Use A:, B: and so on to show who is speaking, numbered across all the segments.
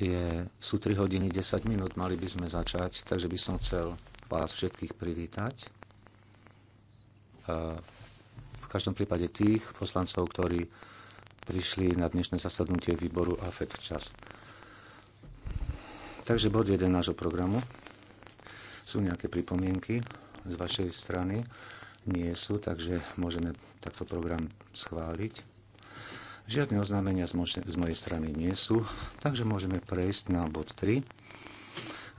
A: Je, sú 3 hodiny 10 minút, mali by sme začať, takže by som chcel vás všetkých privítať. V každom prípade tých poslancov, ktorí prišli na dnešné zasadnutie výboru AFED včas. Takže bod 1 nášho programu. Sú nejaké pripomienky z vašej strany? Nie sú, takže môžeme takto program schváliť. Žiadne oznámenia z, mož- z mojej strany nie sú, takže môžeme prejsť na bod 3.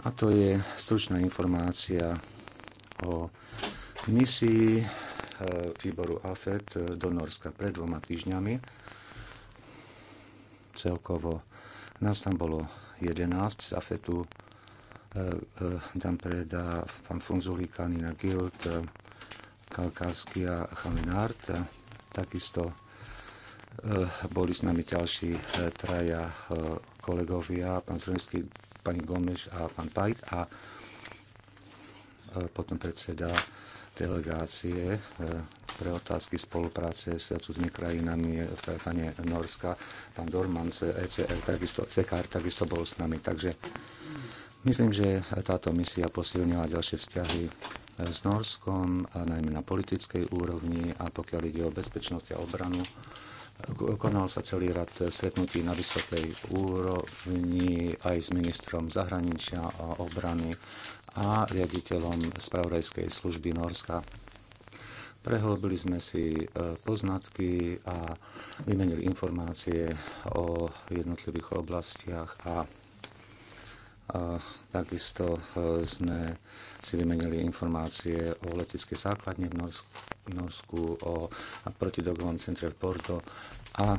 A: A to je stručná informácia o misii e, výboru AFET e, do Norska pred dvoma týždňami. Celkovo nás tam bolo 11 z AFETu, e, Dampreda, pán Funzulíka, Nina Gild, Kalkáskia a Chaminárt. Takisto Eh, boli s nami ďalší eh, traja eh, kolegovia, pán Zrenský, pani Gomeš a pán Pajt a potom predseda delegácie pre otázky spolupráce s cudzmi krajinami vrátane Norska, pán Dorman z ECR, takisto, CKR, takisto bol s nami. Takže myslím, že táto misia posilnila ďalšie vzťahy s Norskom, a najmä na politickej úrovni a pokiaľ ide o bezpečnosť a obranu Konal sa celý rad eh, stretnutí na vysokej úrovni aj s ministrom zahraničia a obrany a riaditeľom spravodajskej služby Norska. Prehlobili sme si eh, poznatky a vymenili informácie o jednotlivých oblastiach a Takisto e, sme si vymenili informácie o leteckej základne v Norsku, o protidrogovom centre v Porto a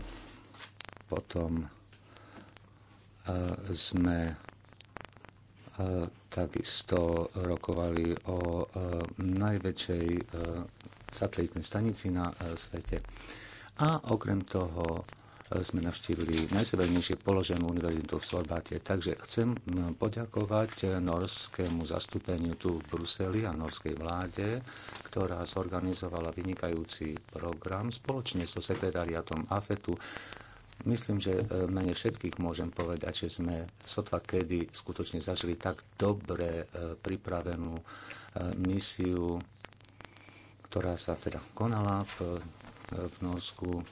A: potom e, sme e, takisto rokovali o najväčšej satelitnej stanici na svete. A okrem toho sme navštívili najsevernejšie položenú univerzitu v Sorbáte. Takže chcem poďakovať e, norskému zastúpeniu tu v Bruseli a norskej vláde, ktorá zorganizovala vynikajúci program spoločne so sekretariatom AFETu. Myslím, že e, mene všetkých môžem povedať, že sme sotva kedy skutočne zažili tak dobre e, pripravenú misiu, ktorá sa teda konala v, v Norsku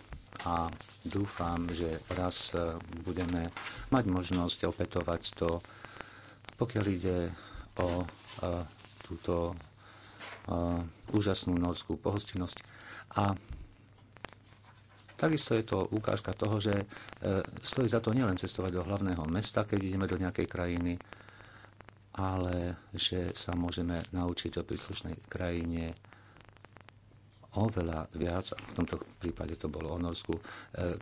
A: a dúfam, že raz e, budeme mať možnosť opätovať to, pokiaľ ide o e, túto e, úžasnú norskú pohostinnosť. A Takisto je to ukážka toho, že stojí za to nielen cestovať do hlavného mesta, keď ideme do nejakej krajiny, ale že sa môžeme naučiť o príslušnej krajine oveľa viac, v tomto prípade to bolo o Norsku, e,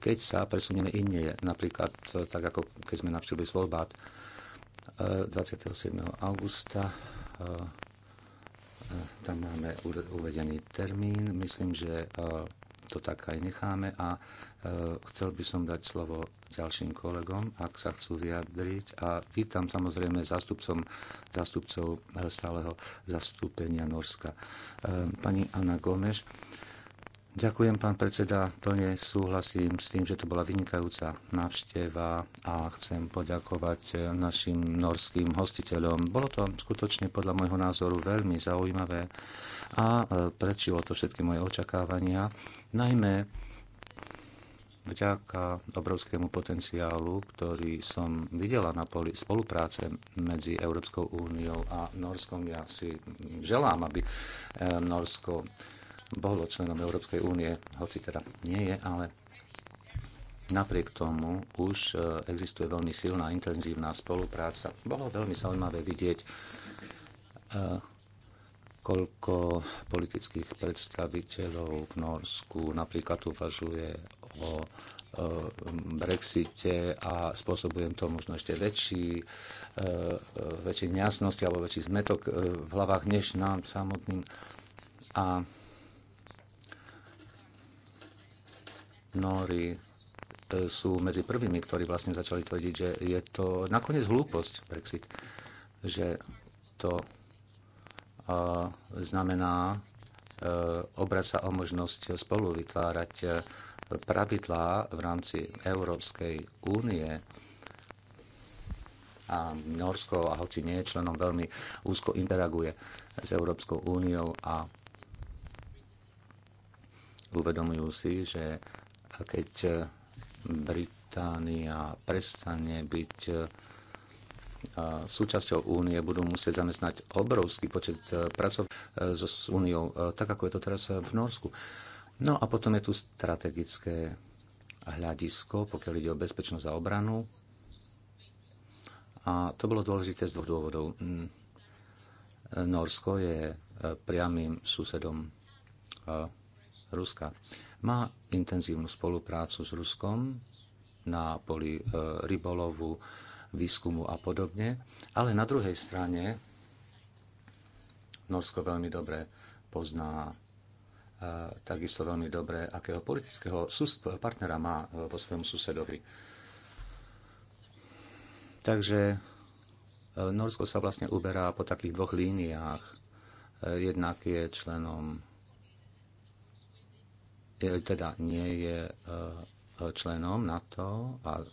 A: keď sa presunieme inde, napríklad e, tak ako keď sme navštívili Svolbát e, 27. augusta, tam máme uvedený termín, myslím, že to tak aj necháme a e, chcel by som dať slovo ďalším kolegom, ak sa chcú vyjadriť. A vítam samozrejme zastupcom, zástupcov stáleho zastúpenia Norska. E, pani Anna Gomeš, Ďakujem, pán predseda. Plne súhlasím s tým, že to bola vynikajúca návšteva a chcem poďakovať eh, našim norským hostiteľom. Bolo to skutočne podľa môjho názoru veľmi zaujímavé a eh, prečilo to všetky moje očakávania, najmä vďaka obrovskému potenciálu, ktorý som videla na poli spolupráce medzi Európskou úniou a Norskom. Ja si želám, aby eh, Norsko bolo členom Európskej únie, hoci teda nie je, ale napriek tomu už e, existuje veľmi silná, intenzívna spolupráca. Bolo veľmi zaujímavé vidieť, e, koľko politických predstaviteľov v Norsku napríklad uvažuje o e, Brexite a spôsobujem to možno ešte väčší, väčšie nejasnosti alebo väčší zmetok v hlavách než nám samotným. A Nóri e, sú medzi prvými, ktorí vlastne začali tvrdiť, že je to nakoniec hlúposť Brexit, že to e, znamená e, obrať sa o možnosť spolu vytvárať pravidlá v rámci Európskej únie a Norsko, a hoci nie je členom, veľmi úzko interaguje s Európskou úniou a uvedomujú si, že a keď e, Británia prestane byť e, súčasťou únie, budú musieť zamestnať obrovský počet e, pracov s úniou, tak ako je to teraz v Norsku. No a potom je tu strategické hľadisko, pokiaľ ide o bezpečnosť a obranu. A to bolo dôležité z dvoch dôvodov. Mm, Norsko je priamým susedom Ruska. Má intenzívnu spoluprácu s Ruskom na poli e, rybolovu, výskumu a podobne, ale na druhej strane Norsko veľmi dobre pozná e, takisto veľmi dobre, akého politického partnera má e, vo svojom susedovi. Takže Norsko sa vlastne uberá po takých dvoch líniách. Jednak je členom teda nie je e, členom NATO a e,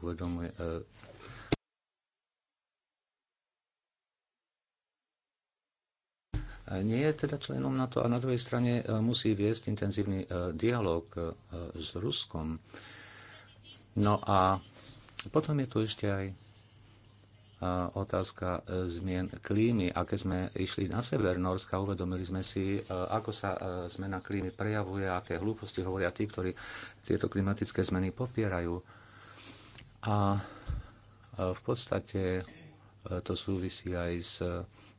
A: uvedomuje, e, nie je teda členom NATO a na druhej strane musí viesť intenzívny dialog s Ruskom. No a potom je tu ešte aj otázka e, zmien klímy. A keď sme išli na sever Norska, uvedomili sme si, e, ako sa e, zmena klímy prejavuje, aké hlúposti hovoria tí, ktorí tieto klimatické zmeny popierajú. A v podstate to súvisí aj s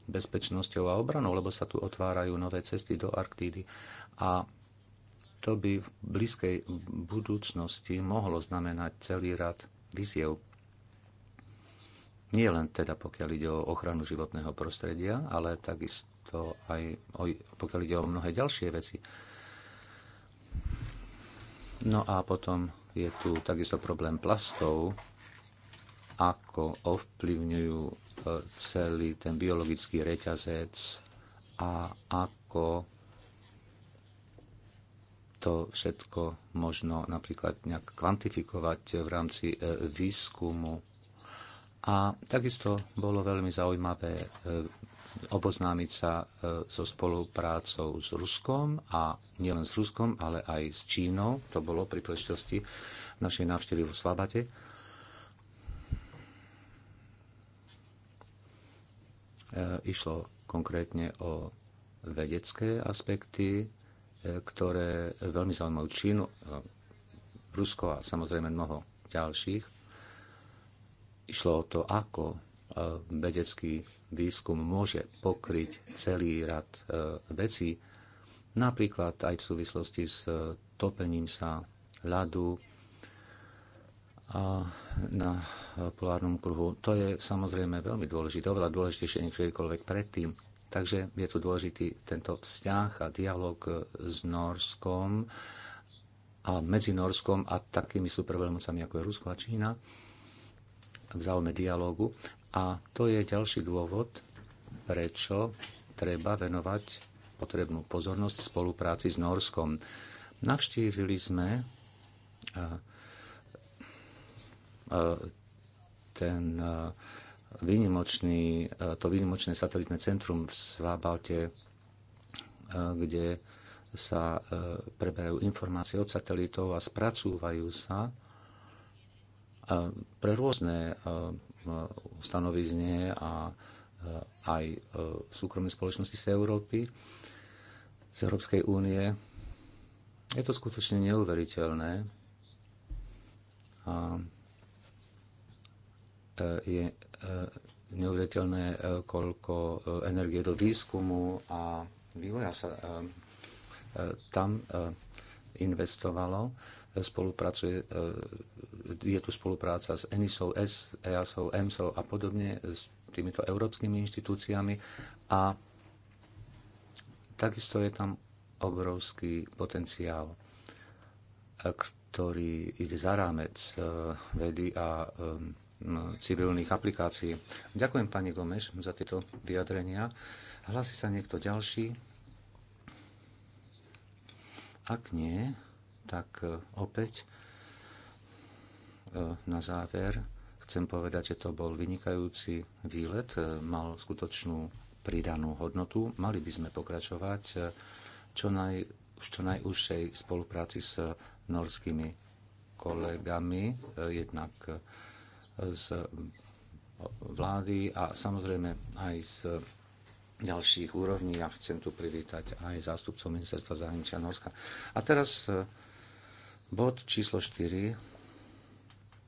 A: bezpečnosťou a obranou, lebo sa tu otvárajú nové cesty do Arktídy. A to by v blízkej budúcnosti mohlo znamenať celý rad víziev nie len teda pokiaľ ide o ochranu životného prostredia, ale takisto aj o, pokiaľ ide o mnohé ďalšie veci. No a potom je tu takisto problém plastov, ako ovplyvňujú e, celý ten biologický reťazec a ako to všetko možno napríklad nejak kvantifikovať v rámci e, výskumu a takisto bolo veľmi zaujímavé e, oboznámiť sa e, so spoluprácou s Ruskom a nielen s Ruskom, ale aj s Čínou. To bolo pri príležitosti našej návštevy vo Svabate. E, išlo konkrétne o vedecké aspekty, ktoré veľmi zaujímajú Čínu, Rusko a samozrejme mnoho ďalších Išlo o to, ako e, vedecký výskum môže pokryť celý rad e, vecí, napríklad aj v súvislosti s e, topením sa ľadu na polárnom kruhu. To je samozrejme veľmi dôležité, oveľa dôležitejšie než kedykoľvek predtým. Takže je tu dôležitý tento vzťah a dialog s Norskom a medzi Norskom a takými superveľmocami ako je Rusko a Čína v záujme dialógu. A to je ďalší dôvod, prečo treba venovať potrebnú pozornosť v spolupráci s Norskom. Navštívili sme ten výnimočný, to výnimočné satelitné centrum v Svábalte, kde sa preberajú informácie od satelitov a spracúvajú sa pre rôzne e, stanovizne a e, aj e, súkromné spoločnosti z Európy, z Európskej únie. Je to skutočne neuveriteľné a je neuveriteľné, koľko energie do výskumu a vývoja sa tam investovalo spolupracuje, e, je tu spolupráca s ENISou, S, EASou, EMSou a podobne, s týmito európskymi inštitúciami a takisto je tam obrovský potenciál, e, ktorý ide za rámec e, vedy a civilných aplikácií. Ďakujem pani Gomeš za tieto vyjadrenia. Hlasí sa niekto ďalší? Ak nie, tak e, opäť e, na záver chcem povedať, že to bol vynikajúci výlet, e, mal skutočnú pridanú hodnotu. Mali by sme pokračovať čo naj, v čo najúžšej spolupráci s norskými kolegami, jednak z vlády a samozrejme aj z ďalších úrovní. Ja chcem tu privítať aj zástupcov ministerstva zahraničia Norska. A teraz Bod číslo 4,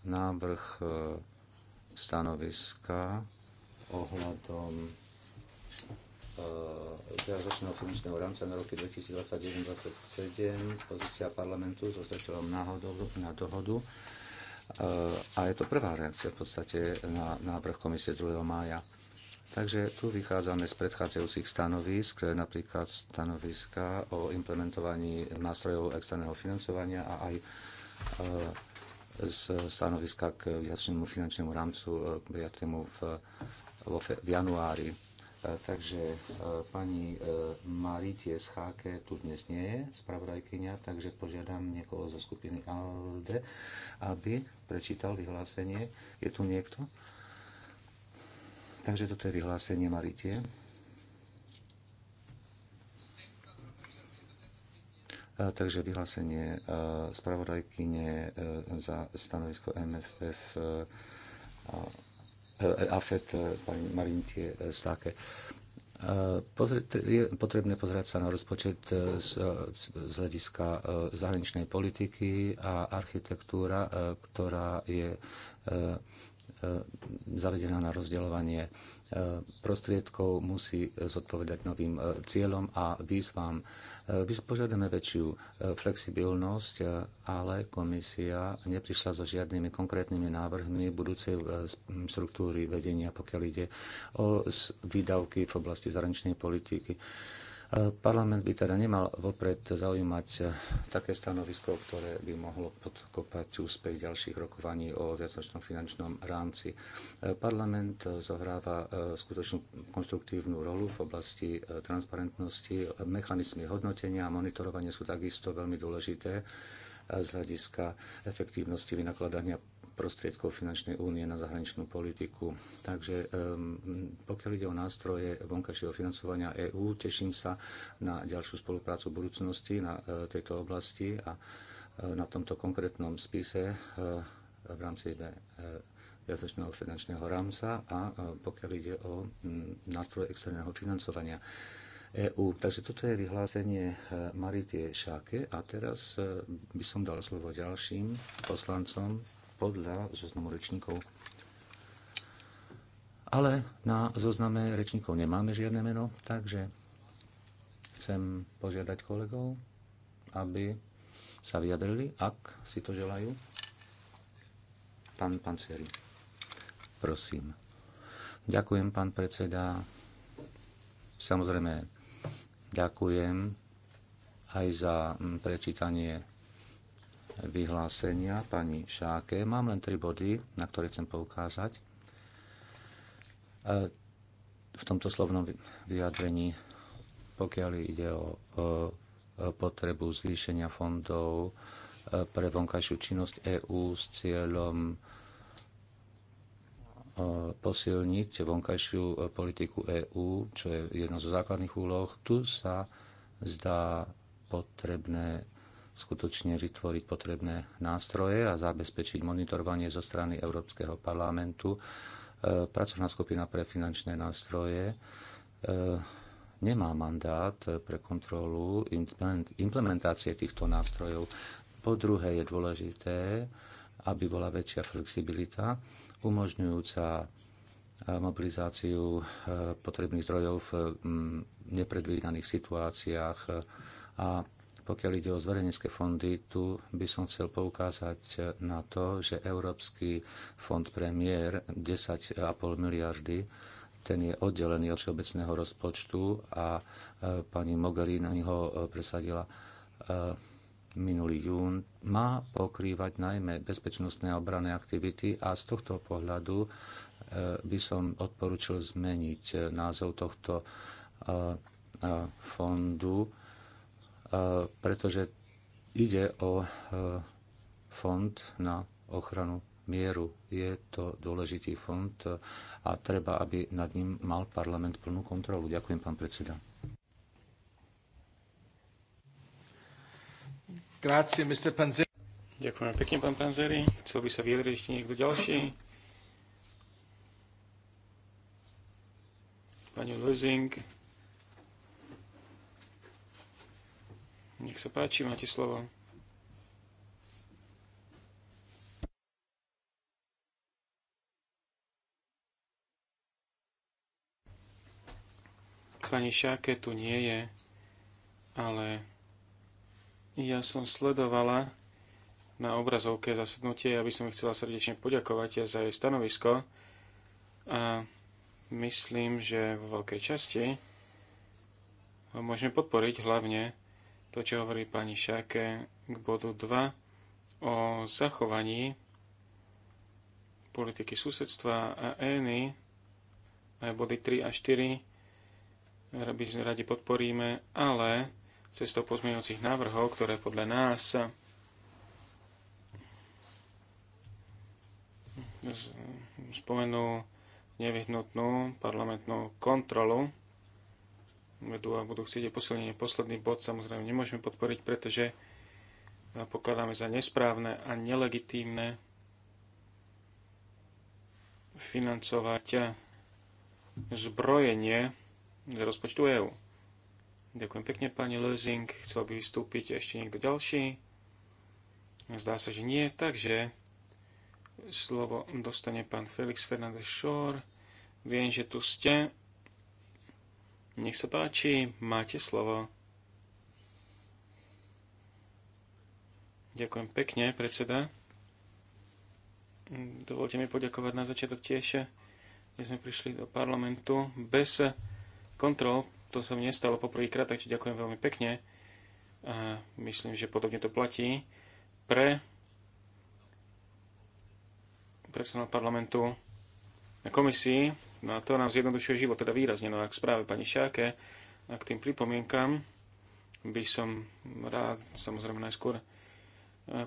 A: návrh e, stanoviska ohľadom e, realizačného finančného rámca na roky 2021-2027, pozícia parlamentu so zreteľom na dohodu. E, a je to prvá reakcia v podstate na návrh komisie 2. mája Takže tu vychádzame z predchádzajúcich stanovisk, napríklad stanoviska o implementovaní nástrojov externého financovania a aj e, z stanoviska k viacnému finančnému rámcu e, prijatému v, v januári. E, takže pani Maritie z tu dnes nie je, spravodajkynia, takže požiadam niekoho zo skupiny ALDE, aby prečítal vyhlásenie. Je tu niekto? Takže toto je vyhlásenie Maritie. Takže vyhlásenie spravodajkyne e, za stanovisko MFF e, e, AFET pani Marintie Stáke. Je potrebné pozerať sa na rozpočet z hľadiska zahraničnej politiky a architektúra, ktorá je E, zavedená na rozdeľovanie e, prostriedkov musí zodpovedať novým e, cieľom a výzvam. Požiadame väčšiu flexibilnosť, ale komisia neprišla so žiadnymi konkrétnymi návrhmi budúcej štruktúry vedenia, pokiaľ ide o výdavky v oblasti zahraničnej politiky. Parlament by teda nemal vopred zaujímať také stanovisko, ktoré by mohlo podkopať úspech ďalších rokovaní o viacnočnom finančnom rámci. Parlament zohráva e, skutočnú konstruktívnu rolu v oblasti e, transparentnosti. Mechanizmy hodnotenia a monitorovania sú takisto veľmi dôležité e, z hľadiska efektívnosti vynakladania prostriedkov finančnej únie na zahraničnú politiku. Takže pokiaľ ide o nástroje vonkajšieho financovania EÚ, teším sa na ďalšiu spoluprácu v budúcnosti na e, tejto oblasti a e, na tomto konkrétnom spise e, v rámci jazyčného finančného rámca a pokiaľ ide o nástroje externého financovania EÚ. Takže toto je vyhlásenie Maritie Šáke a teraz by som dal slovo ďalším poslancom podľa zoznamu rečníkov. Ale na zozname rečníkov nemáme žiadne meno, takže chcem požiadať kolegov, aby sa vyjadrili, ak si to želajú. Pán Panceri, prosím. Ďakujem, pán predseda. Samozrejme, ďakujem aj za mm, prečítanie vyhlásenia pani Šáke. Mám len tri body, na ktoré chcem poukázať. E, v tomto slovnom vyjadrení, pokiaľ ide o potrebu zvýšenia fondov e, pre vonkajšiu činnosť EÚ s cieľom e, posilniť vonkajšiu politiku EÚ, čo je jedna zo základných úloh, tu sa zdá potrebné skutočne vytvoriť potrebné nástroje a zabezpečiť monitorovanie zo strany Európskeho parlamentu. E, pracovná skupina pre finančné nástroje e, nemá mandát pre kontrolu implementácie týchto nástrojov. Po druhé je dôležité, aby bola väčšia flexibilita umožňujúca e, mobilizáciu potrebných zdrojov v nepredvídaných situáciách a pokiaľ ide o zverejnecké fondy, tu by som chcel poukázať na to, že Európsky fond premiér 10,5 miliardy ten je oddelený od všeobecného rozpočtu a e, pani Mogherini ho e, presadila e, minulý jún, má pokrývať najmä bezpečnostné a obranné aktivity a z tohto pohľadu by som odporučil zmeniť názov tohto fondu pretože ide o e, fond na ochranu mieru. Je to dôležitý fond a treba, aby nad ním mal parlament plnú kontrolu. Ďakujem, pán predseda.
B: Grazie, Mr. Panzeri. Ďakujem pekne, pán Panzeri. Chcel by sa vyjadriť ešte niekto ďalší? Pani Lusing. Nech sa páči, máte slovo. Pani Šáke tu nie je, ale ja som sledovala na obrazovke zasadnutie, aby som chcela srdečne poďakovať za jej stanovisko a myslím, že vo veľkej časti ho môžeme podporiť hlavne to, čo hovorí pani Šáke k bodu 2 o zachovaní politiky susedstva a ENI, aj body 3 a 4, by sme radi podporíme, ale cestou pozmeňujúcich návrhov, ktoré podľa nás spomenú nevyhnutnú parlamentnú kontrolu vedú a budú chcieť posilnenie. Posledný bod samozrejme nemôžeme podporiť, pretože pokladáme za nesprávne a nelegitímne financovať zbrojenie z rozpočtu EÚ. Ďakujem pekne, pani Lezing. Chcel by vystúpiť ešte niekto ďalší? Zdá sa, že nie, takže slovo dostane pán Felix Fernández Šor. Viem, že tu ste nech sa páči, máte slovo. Ďakujem pekne, predseda. Dovolte mi poďakovať na začiatok tiež, že sme prišli do parlamentu bez kontrol. To sa mi nestalo poprvýkrát, takže ďakujem veľmi pekne. A myslím, že podobne to platí pre personál parlamentu na komisii No a to nám zjednodušuje život, teda výrazne. No a k správe pani Šáke a k tým pripomienkam by som rád samozrejme najskôr eh,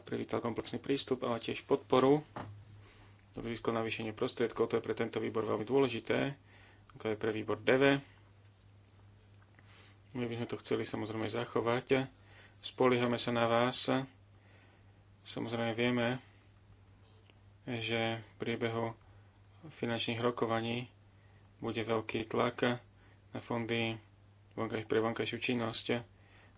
B: privítal komplexný prístup, ale tiež podporu na navýšenie prostriedkov, to je pre tento výbor veľmi dôležité, ako je pre výbor DV. My by sme to chceli samozrejme zachovať. Spoliehame sa na vás. Samozrejme vieme, že v priebehu finančných rokovaní bude veľký tlak na fondy pre vonkajšiu činnosť.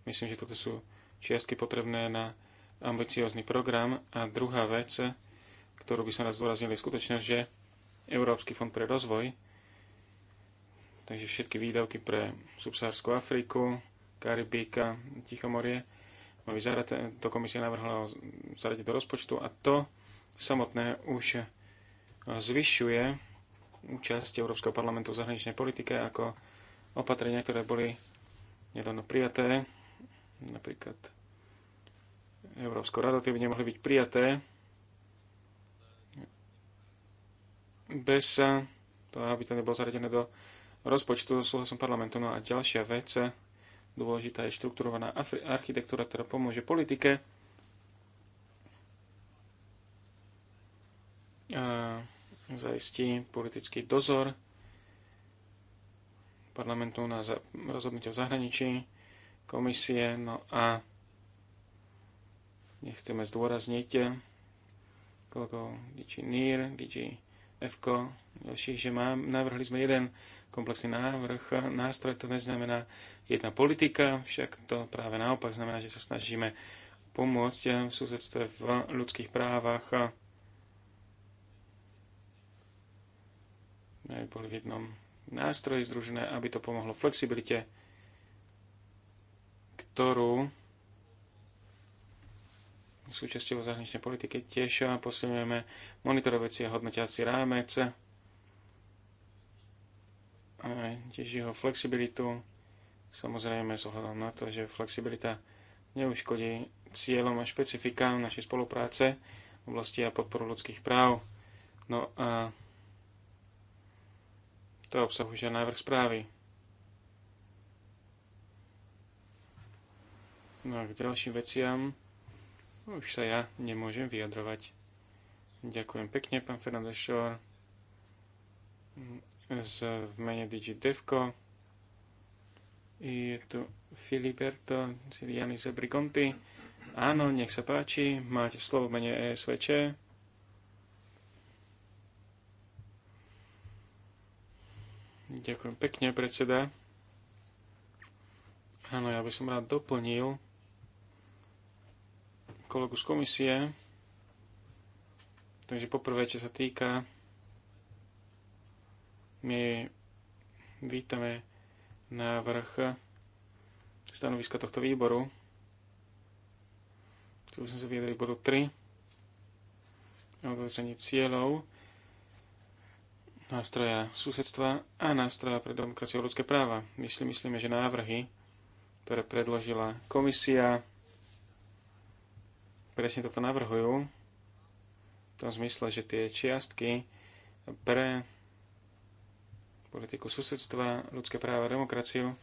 B: Myslím, že toto sú čiastky potrebné na ambiciózny program. A druhá vec, ktorú by som raz zdôraznil, je skutočnosť, že Európsky fond pre rozvoj, takže všetky výdavky pre subsahárskú Afriku, Karibika, Tichomorie, Zárate, to komisia navrhla zaradiť do rozpočtu a to samotné už zvyšuje účasť Európskeho parlamentu v zahraničnej politike ako opatrenia, ktoré boli nedávno prijaté, napríklad Európsko rado tie by nemohli byť prijaté bez toho, aby to nebolo zaradené do rozpočtu so súhlasom parlamentu. No a ďalšia vec, dôležitá je štrukturovaná architektúra, ktorá pomôže politike. A zaistí politický dozor parlamentu na rozhodnutie v zahraničí, komisie, no a nechceme zdôrazniť koľko DG NIR, DG FKO, ďalších, že mám, navrhli sme jeden komplexný návrh, nástroj, to neznamená jedna politika, však to práve naopak znamená, že sa snažíme pomôcť v susedstve v ľudských právach, boli v jednom nástroji združené, aby to pomohlo flexibilite, ktorú súčasťou zahraničnej politiky tiež posilňujeme monitorovací a hodnotiaci rámec a tiež jeho flexibilitu. Samozrejme s ohľadom na to, že flexibilita neuškodí cieľom a špecifikám našej spolupráce v oblasti a podporu ľudských práv. No a to obsahuje návrh správy. No a k ďalším veciam už sa ja nemôžem vyjadrovať. Ďakujem pekne, pán Fernández Šor, z, v mene DigiDevko. Je tu Filiberto Siriani Zabrigonti. Áno, nech sa páči, máte slovo v mene ESVČ. Ďakujem pekne, predseda. Áno, ja by som rád doplnil kolegu z komisie. Takže poprvé, čo sa týka, my vítame návrh stanoviska tohto výboru. Chcel by som sa vyjadriť bodu 3 o cieľov nástroja susedstva a nástroja pre demokraciu a ľudské práva. My si myslíme, že návrhy, ktoré predložila komisia, presne toto navrhujú, v tom zmysle, že tie čiastky pre politiku susedstva, ľudské práva a demokraciu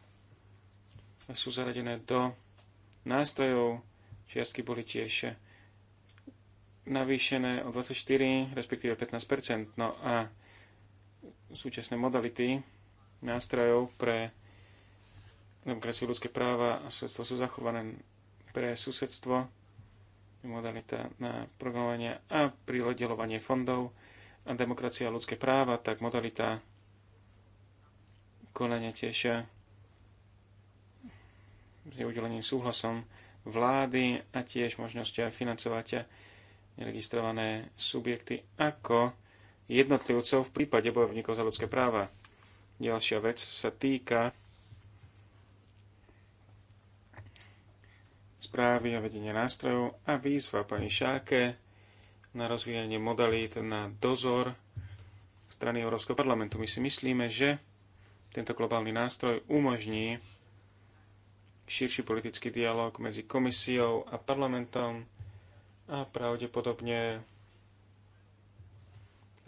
B: sú zaradené do nástrojov. Čiastky boli tiež navýšené o 24, respektíve 15 No a súčasné modality nástrojov pre demokraciu, ľudské práva a sústvo sú zachované pre susedstvo, modalita na programovanie a prírodelovanie fondov a demokracia a ľudské práva, tak modalita konania tiež s udelením súhlasom vlády a tiež možnosťa financovať neregistrované subjekty ako jednotlivcov v prípade bojovníkov za ľudské práva. Ďalšia vec sa týka správy a vedenia nástrojov a výzva pani Šáke na rozvíjanie modalít na dozor strany Európskeho parlamentu. My si myslíme, že tento globálny nástroj umožní širší politický dialog medzi komisiou a parlamentom a pravdepodobne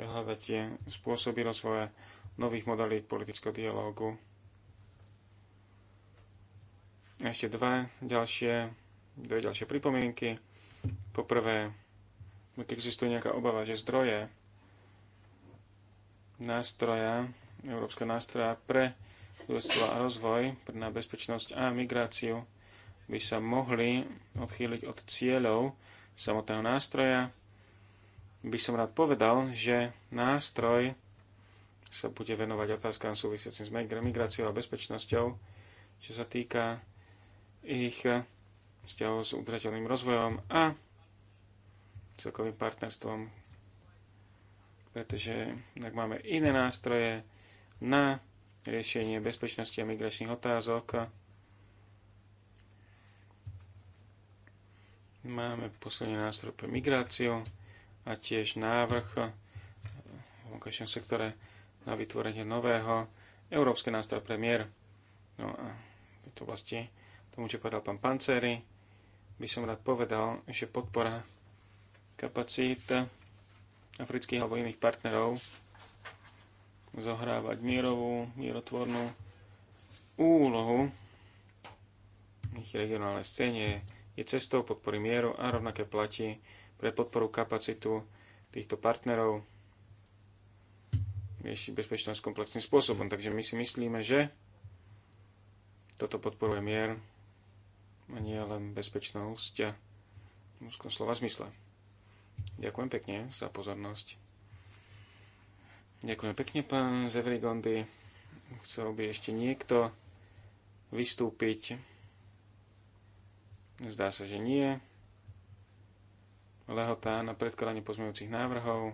B: hľadatie spôsoby rozvoja nových modalít politického dialógu. Ešte dva ďalšie, dve ďalšie pripomienky. Poprvé, keď existuje nejaká obava, že zdroje nástroja, európskeho nástroja pre ľudstvo a rozvoj, pre na bezpečnosť a migráciu by sa mohli odchýliť od cieľov samotného nástroja, by som rád povedal, že nástroj sa bude venovať otázkam súvisiacim s migráciou a bezpečnosťou, čo sa týka ich vzťahov s udržateľným rozvojom a celkovým partnerstvom, pretože ak máme iné nástroje na riešenie bezpečnosti a migračných otázok, máme posledný nástroj pre migráciu, a tiež návrh v vonkajšom sektore na vytvorenie nového európske nástroje premiér. No a v tejto oblasti tomu, čo povedal pán Pancery, by som rád povedal, že podpora kapacít afrických alebo iných partnerov zohrávať mierovú, mierotvornú úlohu v ich regionálnej scéne je cestou podpory mieru a rovnaké platí pre podporu kapacitu týchto partnerov riešiť bezpečnosť komplexným spôsobom. Takže my si myslíme, že toto podporuje mier a nie len bezpečnosť v úzkom slova zmysle. Ďakujem pekne za pozornosť. Ďakujem pekne, pán Zevrigondy. Chcel by ešte niekto vystúpiť? Zdá sa, že nie. Lehota na predkladanie pozmeňujúcich návrhov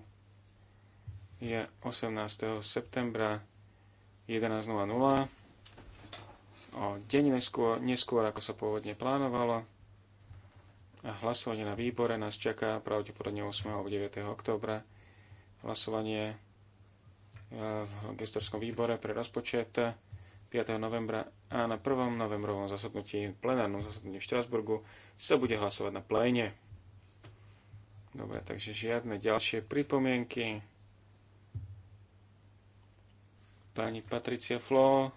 B: je 18. septembra 11.00 o deň neskôr, neskôr, ako sa pôvodne plánovalo a hlasovanie na výbore nás čaká pravdepodobne 8. alebo 9. októbra. Hlasovanie e, v gestorskom výbore pre rozpočet 5. novembra a na 1. novembrovom zasadnutí, plenárnom zasadnutí v Štrasburgu sa bude hlasovať na pléne. Dobre, takže žiadne ďalšie pripomienky. Pani Patricia Flo,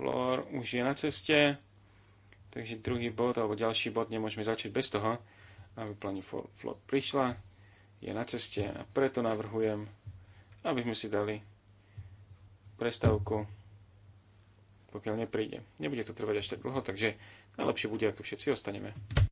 B: Flor už je na ceste, takže druhý bod alebo ďalší bod nemôžeme začať bez toho, aby pani Flor prišla, je na ceste a preto navrhujem, aby sme si dali prestávku, pokiaľ nepríde. Nebude to trvať až tak dlho, takže najlepšie bude, ak tu všetci ostaneme.